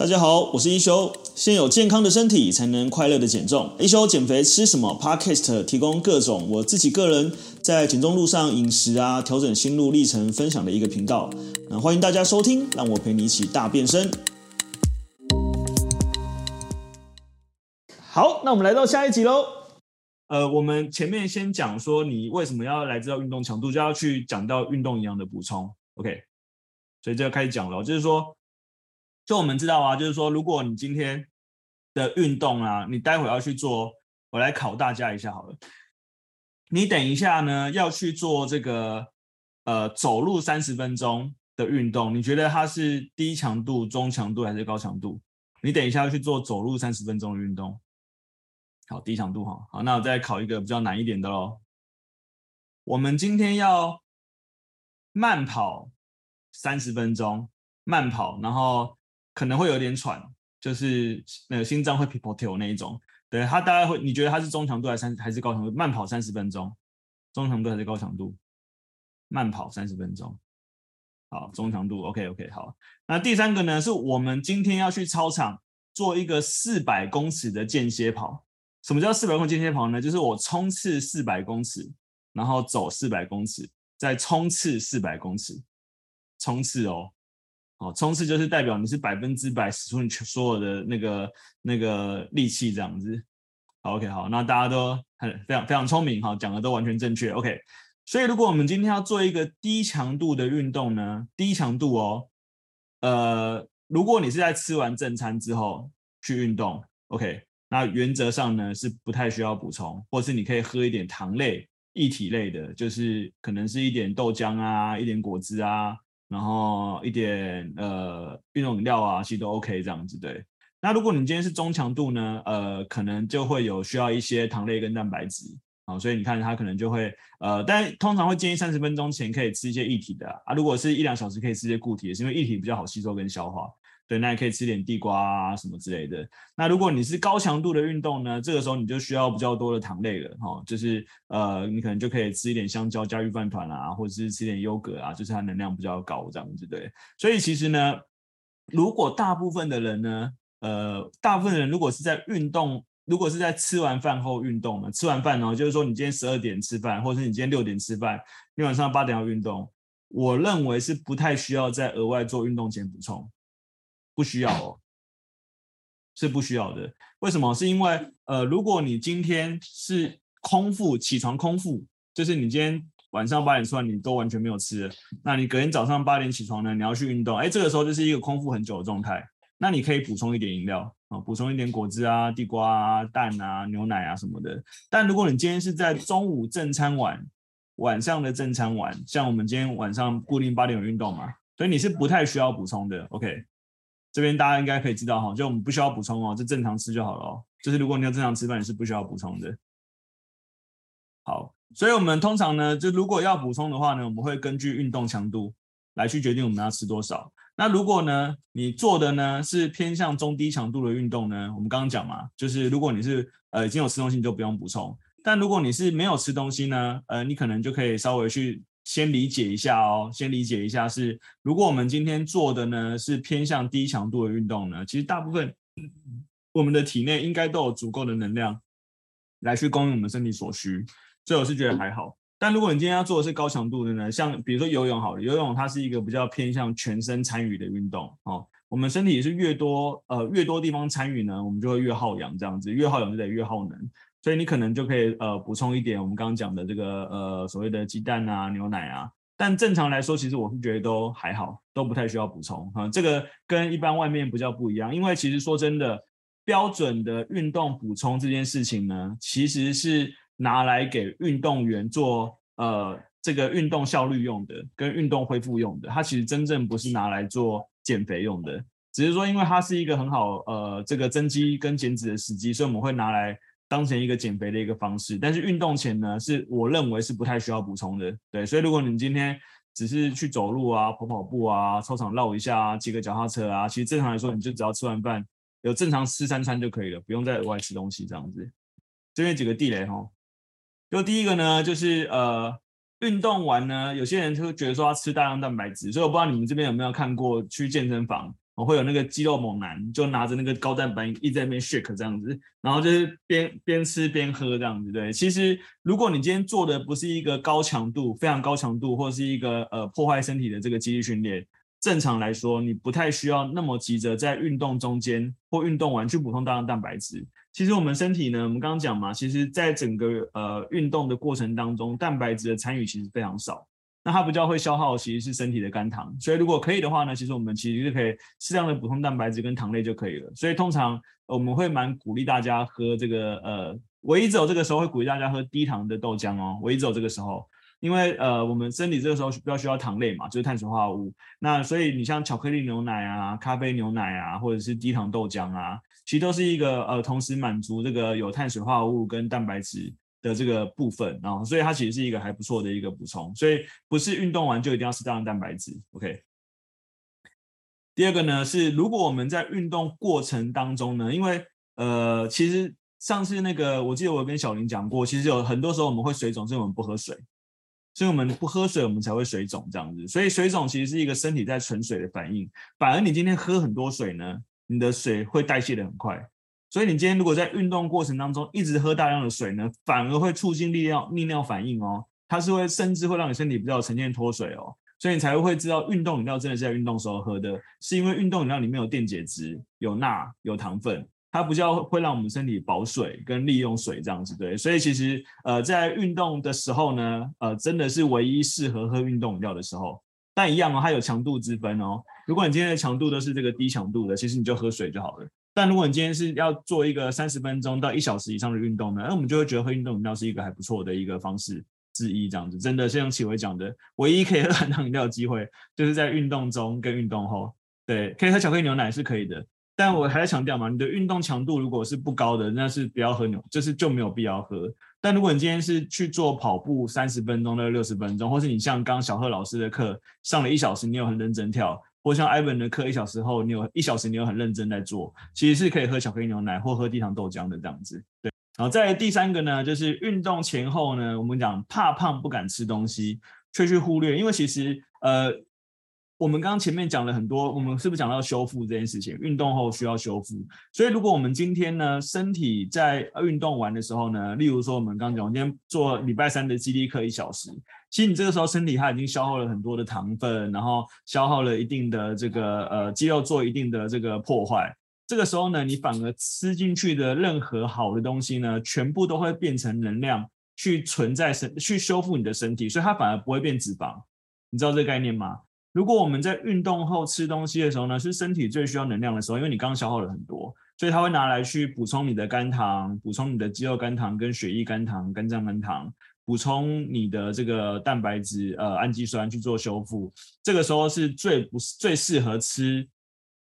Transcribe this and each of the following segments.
大家好，我是一休。先有健康的身體，才能快樂的減重。一休減肥吃什麼？Podcast 提供各種我自己個人在減重路上飲食啊，調整心路歷程分享的一個頻道。嗯，歡迎大家收聽，讓我陪你一起大變身。好，那我們來到下一集嘍。呃，我們前面先講說你為什麼要來知道運動強度，就要去講到運動營養的補充。OK，所以就要開始講了，就是說。就我們知道啊，就是說，如果你今天的運動啊，你待會要去做，我來考大家一下好了。你等一下呢，要去做這個呃走路三十分鐘的運動，你覺得它是低強度、中強度還是高強度？你等一下要去做走路三十分鐘的運動，好，低強度哈。好，那我再考一個比較難一點的咯。我們今天要慢跑三十分鐘，慢跑，然後。可能會有點喘，就是那個心臟會皮皮跳那一種。對他大概會，你覺得他是中強度還是還是高強度？慢跑三十分鐘，中強度還是高強度？慢跑三十分鐘，好，中強度。OK OK，好。那第三個呢，是我們今天要去操場做一個四百公尺的間歇跑。什麼叫四百公尺間歇跑呢？就是我衝刺四百公尺，然後走四百公尺，再衝刺四百公尺，衝刺哦。好，衝刺就是代表你是百分之百使出你所有的那個那個力氣這樣子。好，OK，好，那大家都很非常非常聰明，哈，講的都完全正確，OK。所以如果我們今天要做一個低強度的運動呢，低強度哦，呃，如果你是在吃完正餐之後去運動，OK，那原則上呢，是不太需要補充，或是你可以喝一點糖類，液體類的，就是可能是一點豆漿啊，一點果汁啊。然後一點呃運動飲料啊，其實都 OK 這樣子，對。那如果你今天是中強度呢，呃可能就會有需要一些糖類跟蛋白質啊、哦，所以你看它可能就會呃，但通常會建議三十分鐘前可以吃一些液體的啊，如果是一兩小時可以吃一些固體的，是因為液體比較好吸收跟消化。對，那也可以吃點地瓜啊什麼之類的。那如果你是高強度的運動呢，這個時候你就需要比較多的糖類了，哈、哦，就是呃，你可能就可以吃一點香蕉、加芋飯糰啦、啊，或者是吃點優格啊，就是它能量比較高這樣子對。所以其實呢，如果大部分的人呢，呃，大部分的人如果是在運動，如果是在吃完飯後運動的，吃完飯呢，就是說你今天十二點吃飯，或者是你今天六點吃飯，你晚上八點要運動，我認為是不太需要再額外做運動前補充。不需要哦，是不需要的。為什麼？是因為呃，如果你今天是空腹起床，空腹就是你今天晚上八點吃完，你都完全沒有吃，那你隔天早上八點起床呢，你要去運動，哎、欸，這個時候就是一個空腹很久的狀態，那你可以補充一點飲料啊，呃、補充一點果汁啊、地瓜啊、蛋啊、牛奶啊什麼的。但如果你今天是在中午正餐完，晚上的正餐完，像我們今天晚上固定八點有運動嘛，所以你是不太需要補充的。OK。這邊大家應該可以知道哈，就我們不需要補充哦，就正常吃就好了哦。就是如果你要正常吃飯，也是不需要補充的。好，所以我們通常呢，就如果要補充的話呢，我們會根據運動強度來去決定我們要吃多少。那如果呢，你做的呢是偏向中低強度的運動呢，我們剛剛講嘛，就是如果你是呃已經有吃東西你就不用補充，但如果你是沒有吃東西呢，呃，你可能就可以稍微去。先理解一下哦，先理解一下是，如果我們今天做的呢是偏向低強度的運動呢，其實大部分我們的體內應該都有足夠的能量來去供應我們身體所需，所以我是覺得還好。但如果你今天要做的是高強度的呢，像比如說游泳好了，游泳它是一個比較偏向全身參與的運動哦，我們身體是越多呃越多地方參與呢，我們就會越耗氧這樣子，越耗氧就得越耗能。所以你可能就可以呃補充一點我們剛剛講的這個呃所謂的雞蛋啊、牛奶啊，但正常來說，其實我是覺得都還好，都不太需要補充哈。這個跟一般外面比較不一樣，因為其實說真的，標準的運動補充這件事情呢，其實是拿來給運動員做呃這個運動效率用的，跟運動恢復用的，它其實真正不是拿來做減肥用的，只是說因為它是一個很好呃這個增肌跟減脂的時機，所以我們會拿來。當成一個減肥的一個方式，但是運動前呢，是我認為是不太需要補充的，對。所以，如果你們今天只是去走路啊、跑跑步啊、操場繞一下啊、騎個腳踏車啊，其實正常來說，你就只要吃完飯，有正常吃三餐就可以了，不用再額外吃東西這樣子。這邊幾個地雷哈，就第一個呢，就是呃，運動完呢，有些人就覺得說要吃大量蛋白質，所以我不知道你們這邊有沒有看過去健身房。會有那個肌肉猛男，就拿着那個高蛋白，一直在那邊 shake 這樣子，然後就是邊邊吃邊喝這樣子，對。其實如果你今天做的不是一個高強度、非常高強度，或是一個呃破壞身體的這個肌力訓練，正常來說，你不太需要那麼急着在運動中間或運動完去補充大量蛋白質。其實我們身體呢，我們剛剛講嘛，其實在整個呃運動的過程當中，蛋白質的參與其實非常少。那它比較會消耗，其實是身體的肝糖，所以如果可以的話呢，其實我們其實就可以適量的補充蛋白質跟糖類就可以了。所以通常我們會蠻鼓勵大家喝這個呃，唯一只有這個時候會鼓勵大家喝低糖的豆漿哦，唯一只有這個時候，因為呃我們身體這個時候比較需要糖類嘛，就是碳水化合物。那所以你像巧克力牛奶啊、咖啡牛奶啊，或者是低糖豆漿啊，其實都是一個呃同時滿足這個有碳水化合物跟蛋白質。的這個部分，然後，所以它其實是一個還不錯的一個補充，所以不是運動完就一定要適當的蛋白質。OK，第二個呢，是如果我們在運動過程當中呢，因為呃其實上次那個我記得我跟小林講過，其實有很多時候我們會水腫，所以我們不喝水，所以我們不喝水我們才會水腫這樣子，所以水腫其實是一個身體在存水的反應，反而你今天喝很多水呢，你的水會代謝的很快。所以你今天如果在運動過程當中一直喝大量的水呢，反而會促進利尿，利尿反應哦。它是會甚至會讓你身體比較呈現脫水哦。所以你才會知道運動飲料真的是在運動時候喝的，是因為運動飲料裡面有電解質、有鈉、有糖分，它比較會讓我們身體保水跟利用水這樣子對。所以其實呃在運動的時候呢，呃真的是唯一適合喝運動飲料的時候。但一樣哦，它有強度之分哦。如果你今天的強度都是這個低強度的，其實你就喝水就好了。但如果你今天是要做一個三十分鐘到一小時以上的運動呢，那、呃、我們就會覺得喝運動飲料是一個還不錯的一個方式之一。這樣子，真的是像啟偉講的，唯一可以喝含糖飲料的機會，就是在運動中跟運動後。對，可以喝巧克力牛奶是可以的。但我還在強調嘛，你的運動強度如果是不高的，那是不要喝牛，就是就沒有必要喝。但如果你今天是去做跑步三十分鐘到六十分鐘，或是你像剛小賀老師的課上了一小時，你有很認真跳。我想艾文的課一小時後，你有一小時你有很認真在做，其實是可以喝巧克力牛奶或喝低糖豆漿的這樣子。對，然後在第三個呢，就是運動前後呢，我們講怕胖不敢吃東西，卻去忽略，因為其實呃。我們剛前面講了很多，我們是不是講到修復這件事情？運動後需要修復，所以如果我們今天呢，身體在運動完的時候呢，例如說我們剛剛講，我今天做禮拜三的肌力課一小時，其實你這個時候身體它已經消耗了很多的糖分，然後消耗了一定的這個呃，肌肉做一定的這個破壞，這個時候呢，你反而吃進去的任何好的東西呢，全部都會變成能量去存在身去修復你的身體，所以它反而不會變脂肪，你知道這個概念嗎？如果我們在運動後吃東西的時候呢，是身體最需要能量的時候，因為你剛剛消耗了很多，所以它會拿來去補充你的肝糖，補充你的肌肉肝糖跟血液肝糖、肝臟肝糖，補充你的這個蛋白質、呃氨基酸去做修復。這個時候是最不最適合吃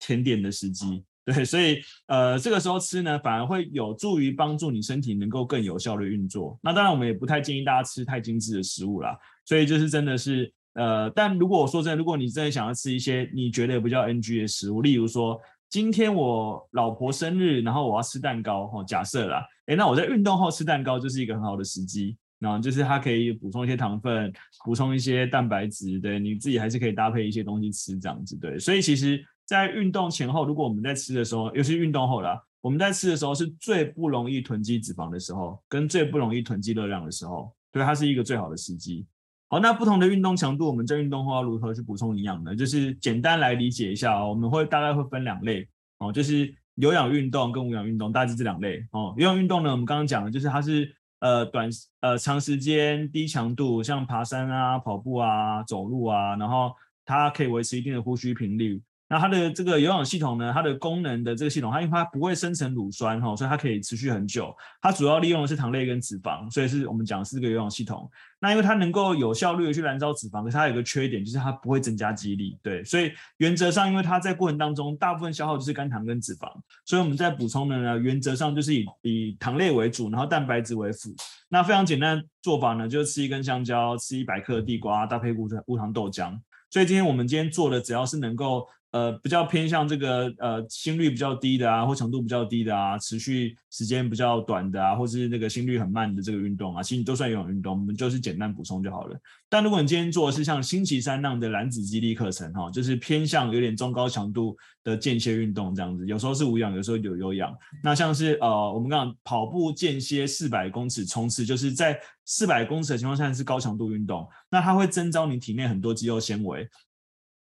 甜點的時機，對，所以呃這個時候吃呢，反而會有助於幫助你身體能夠更有效的運作。那當然我們也不太建議大家吃太精致的食物啦，所以就是真的是。呃，但如果我說真的，如果你真的想要吃一些你覺得不叫 NG 的食物，例如說今天我老婆生日，然後我要吃蛋糕，吼，假設啦，誒、欸，那我在運動後吃蛋糕就是一個很好的時機，然後就是它可以補充一些糖分，補充一些蛋白質，對，你自己還是可以搭配一些東西吃，這樣子，對。所以其實，在運動前後，如果我們在吃的時候，尤其運動後啦，我們在吃的時候是最不容易囤積脂肪的時候，跟最不容易囤積熱量的時候，對，它是一個最好的時機。好，那不同的運動強度，我們在運動後要如何去補充營養呢？就是簡單來理解一下哦，我們會大概會分兩類哦，就是有氧運動跟無氧運動，大致這兩類哦。有氧運動呢，我們剛剛講的就是它是呃短呃長時間低強度，像爬山啊、跑步啊、走路啊，然後它可以維持一定的呼吸頻率。那它的這個有氧系統呢，它的功能的這個系統，它因為它不會生成乳酸哈、喔，所以它可以持續很久。它主要利用的是糖類跟脂肪，所以是我們講的是這個有氧系統。那因為它能夠有效率的去燃燒脂肪，可是它有個缺點就是它不會增加肌力。對，所以原則上，因為它在過程當中大部分消耗就是肝糖跟脂肪，所以我們在補充的呢，原則上就是以以糖類為主，然後蛋白質為輔。那非常簡單的做法呢，就是吃一根香蕉，吃一百克的地瓜，搭配無糖無糖豆漿。所以今天我們今天做的只要是能夠。呃，比較偏向這個呃心率比較低的啊，或強度比較低的啊，持續時間比較短的啊，或是那個心率很慢的這個運動啊，其實你都算有氧運動，我們就是簡單補充就好了。但如果你今天做的是像星期三那樣的男子肌力課程哈，就是偏向有點中高強度的間歇運動這樣子，有時候是無氧，有時候有有氧。那像是呃我們剛剛講跑步間歇四百公尺衝刺，就是在四百公尺的情況下是高強度運動，那它會徵召你體內很多肌肉纖維。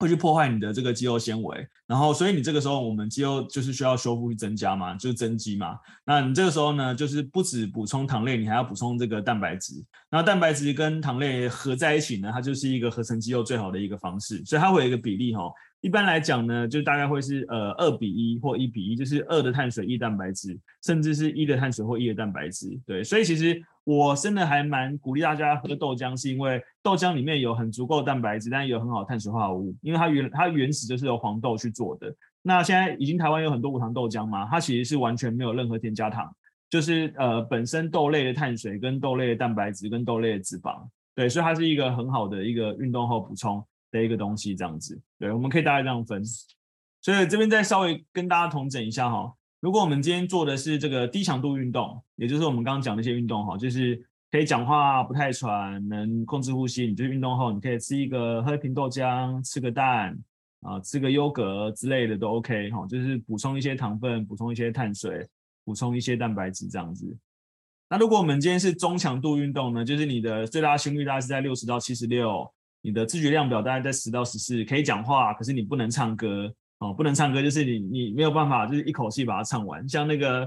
會去破壞你的這個肌肉纖維，然後所以你這個時候我們肌肉就是需要修復去增加嘛，就是增肌嘛。那你這個時候呢，就是不止補充糖類，你還要補充這個蛋白質。那蛋白質跟糖類合在一起呢，它就是一個合成肌肉最好的一個方式。所以它會有一個比例吼。一般來講呢，就大概會是呃二比一或一比一，就是二的碳水一蛋白質，甚至是一的碳水或一的蛋白質。對，所以其實我真的還蠻鼓勵大家喝豆漿，是因為豆漿裡面有很足夠的蛋白質，但是有很好的碳水化合物，因為它原它原始就是由黃豆去做的。那現在已經台灣有很多無糖豆漿嘛，它其實是完全沒有任何添加糖，就是呃本身豆類的碳水跟豆類的蛋白質跟豆類的脂肪。對，所以它是一個很好的一個運動後補充的一個東西這樣子，對，我們可以大概這樣分。所以這邊再稍微跟大家統整一下哈。如果我們今天做的是這個低強度運動，也就是我們剛剛講那些運動哈，就是可以講話不太喘，能控制呼吸，你就運動後你可以吃一個，喝一瓶豆漿，吃個蛋啊，吃個優格之類的都 OK 哈，就是補充一些糖分，補充一些碳水，補充一些蛋白質這樣子。那如果我們今天是中強度運動呢，就是你的最大心率大概是在六十到七十六。你的自覺量表大概在十到十四，可以講話，可是你不能唱歌哦，不能唱歌就是你你沒有辦法，就是一口氣把它唱完。像那個，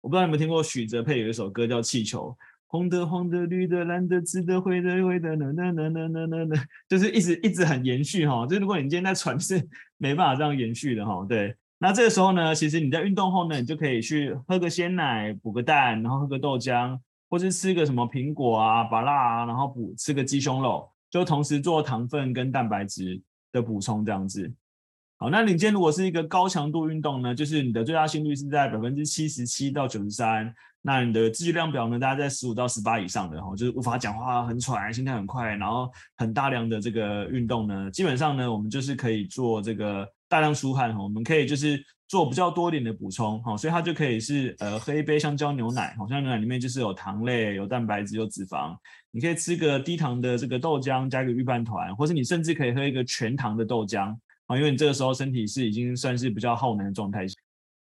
我不知道你有沒有聽過許哲佩有一首歌叫《氣球》，紅的黃的綠的藍的紫的灰的灰的啦啦啦啦啦啦啦，就是一直一直很延續哈、哦。就是如果你今天在喘，是沒辦法這樣延續的哈、哦。對，那這個時候呢，其實你在運動後呢，你就可以去喝個鮮奶，補個蛋，然後喝個豆漿，或是吃個什麼蘋果啊、芭樂啊，然後補吃個雞胸肉。就同時做糖分跟蛋白質的補充，這樣子。好，那你今天如果是一個高強度運動呢，就是你的最大心率是在百分之七十七到九十三，那你的自量表呢，大概在十五到十八以上的哈，就是無法講話、很喘、心跳很快，然後很大量的這個運動呢，基本上呢，我們就是可以做這個大量出汗哈，我們可以就是。做比較多一點的補充，好、哦，所以它就可以是呃喝一杯香蕉牛奶，好、哦，香蕉牛奶裡面就是有糖類、有蛋白質、有脂肪。你可以吃個低糖的這個豆漿，加個御飯糰，或是你甚至可以喝一個全糖的豆漿，啊、哦，因為你這個時候身體是已經算是比較耗能的狀態。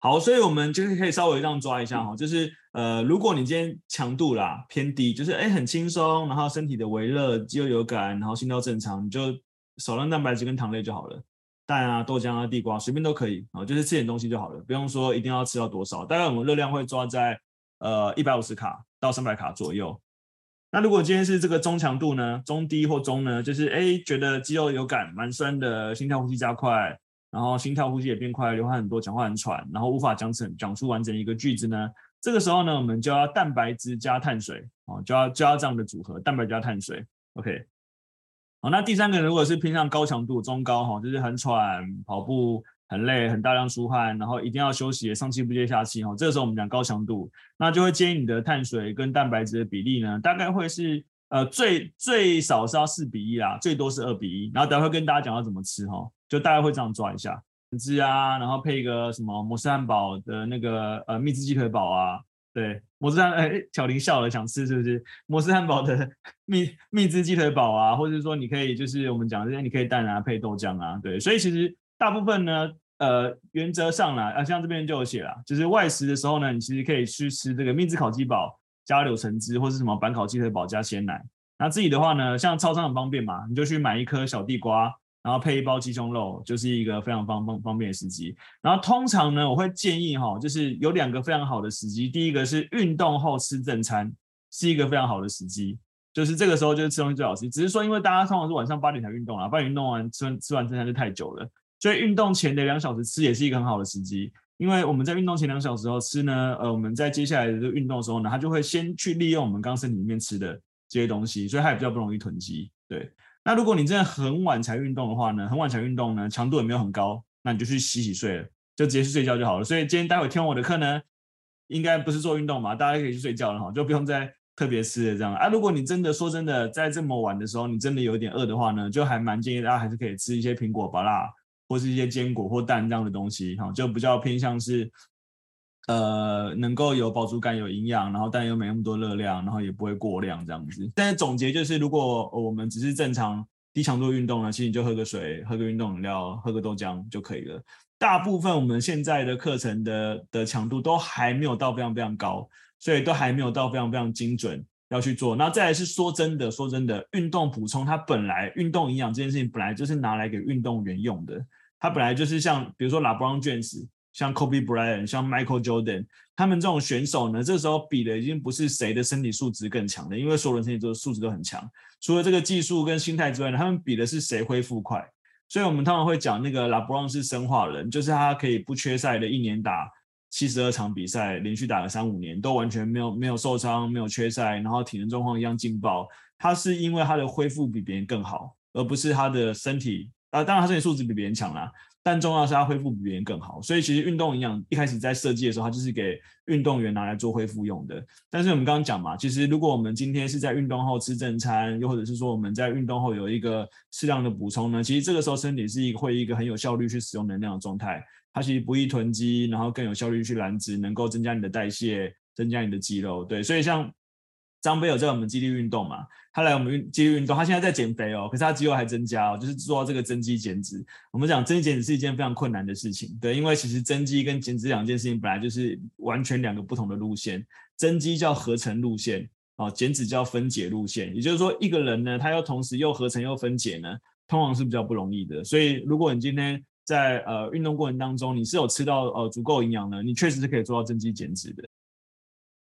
好，所以我們就是可以稍微這樣抓一下，哈、哦，就是呃如果你今天強度啦偏低，就是、欸、很輕鬆，然後身體的微熱肌肉有感，然後心跳正常，你就少量蛋白質跟糖類就好了。蛋啊、豆漿啊、地瓜，隨便都可以啊、哦，就是吃點東西就好了，不用說一定要吃到多少。大概我們熱量會抓在呃一百五十卡到三百卡左右。那如果今天是這個中強度呢，中低或中呢，就是誒、欸、覺得肌肉有感，蠻酸的，心跳呼吸加快，然後心跳呼吸也變快，流汗很多，講話很喘，然後無法講成講出完整一個句子呢，這個時候呢，我們就要蛋白質加碳水啊、哦，就要就要這樣的組合，蛋白質加碳水，OK。好，那第三個如果是偏向高強度、中高哈，就是很喘、跑步很累、很大量出汗，然後一定要休息、上氣不接下氣哈，這個時候我們講高強度，那就會建議你的碳水跟蛋白質的比例呢，大概會是呃最最少是要四比一啦，最多是二比一，然後待會跟大家講要怎麼吃哈，就大概會這樣抓一下，蜜汁啊，然後配一個什麼摩斯漢堡的那個呃蜜汁雞腿堡啊。對，摩斯漢堡，欸，巧玲笑了，想吃是不是？摩斯漢堡的蜜蜜汁雞腿堡啊，或者說你可以就是我們講，這些，你可以蛋啊配豆漿啊，對，所以其實大部分呢，呃，原則上來，啊，像這邊就有寫了，就是外食的時候呢，你其實可以去吃這個蜜汁烤雞堡加柳橙汁，或是什麼板烤雞腿堡加鮮奶。那自己的話呢，像超商很方便嘛，你就去買一顆小地瓜。然後配一包雞胸肉，就是一個非常方方方便的時機。然後通常呢，我會建議哈、哦，就是有兩個非常好的時機。第一個是運動後吃正餐，是一個非常好的時機，就是這個時候就是吃東西最好吃。只是說，因為大家通常是晚上八點才運動啊，八點運動完吃完吃完正餐就太久了，所以運動前的兩小時吃也是一個很好的時機。因為我們在運動前兩小時後吃呢，呃，我們在接下來的運動的時候呢，它就會先去利用我們剛剛身體裡面吃的這些東西，所以它也比較不容易囤積。對。那如果你真的很晚才運動的話呢？很晚才運動呢，強度也沒有很高，那你就去洗洗睡了，就直接去睡覺就好了。所以今天待會聽我的課呢，應該不是做運動嘛，大家可以去睡覺了哈，就不用再特別吃了這樣啊。如果你真的說真的，在這麼晚的時候，你真的有點餓的話呢，就還蠻建議大家、啊、還是可以吃一些蘋果、芭樂，或是一些堅果或蛋這樣的東西哈，就比較偏向是。呃，能夠有飽足感，有營養，然後但又沒那麼多熱量，然後也不會過量這樣子。但是總結就是，如果我們只是正常低強度運動呢，其實你就喝個水、喝個運動飲料、喝個豆漿就可以了。大部分我們現在的課程的的強度都還沒有到非常非常高，所以都還沒有到非常非常精準要去做。然後再來是說真的，說真的，運動補充它本來運動營養這件事情本來就是拿來給運動員用的，它本來就是像比如說 LeBron James。像 Kobe Bryant，像 Michael Jordan，他們這種選手呢，這時候比的已經不是誰的身體素質更強了，因為所有人身體都素質都很強，除了這個技術跟心態之外呢，他們比的是誰恢復快。所以我們通常會講那個 LeBron 是生化人，就是他可以不缺賽的，一年打七十二場比賽，連續打了三五年，都完全沒有沒有受傷，沒有缺賽，然後體能狀況一樣勁爆。他是因為他的恢復比別人更好，而不是他的身體，啊。當然他身體素質比別人強啦，啊。但重要是，它恢復比別人更好，所以其實運動營養一開始在設計的時候，它就是給運動員拿來做恢復用的。但是我們剛剛講嘛，其實如果我們今天是在運動後吃正餐，又或者是說我們在運動後有一個適量的補充呢，其實這個時候身體是一個會一個很有效率去使用能量的那種狀態，它其實不易囤積，然後更有效率去燃脂，能夠增加你的代謝，增加你的肌肉。對，所以像。張飛有在我們肌力運動嘛？他來我們肌力運動，他現在在減肥哦、喔，可是他肌肉還增加哦、喔，就是做到這個增肌減脂。我們講增肌減脂是一件非常困難的事情，對，因為其實增肌跟減脂兩件事情本來就是完全兩個不同的路線，增肌叫合成路線啊，減脂叫分解路線。也就是說，一個人呢，他要同時又合成又分解呢，通常是比較不容易的。所以，如果你今天在呃運動過程當中，你是有吃到呃足夠營養呢，你確實是可以做到增肌減脂的。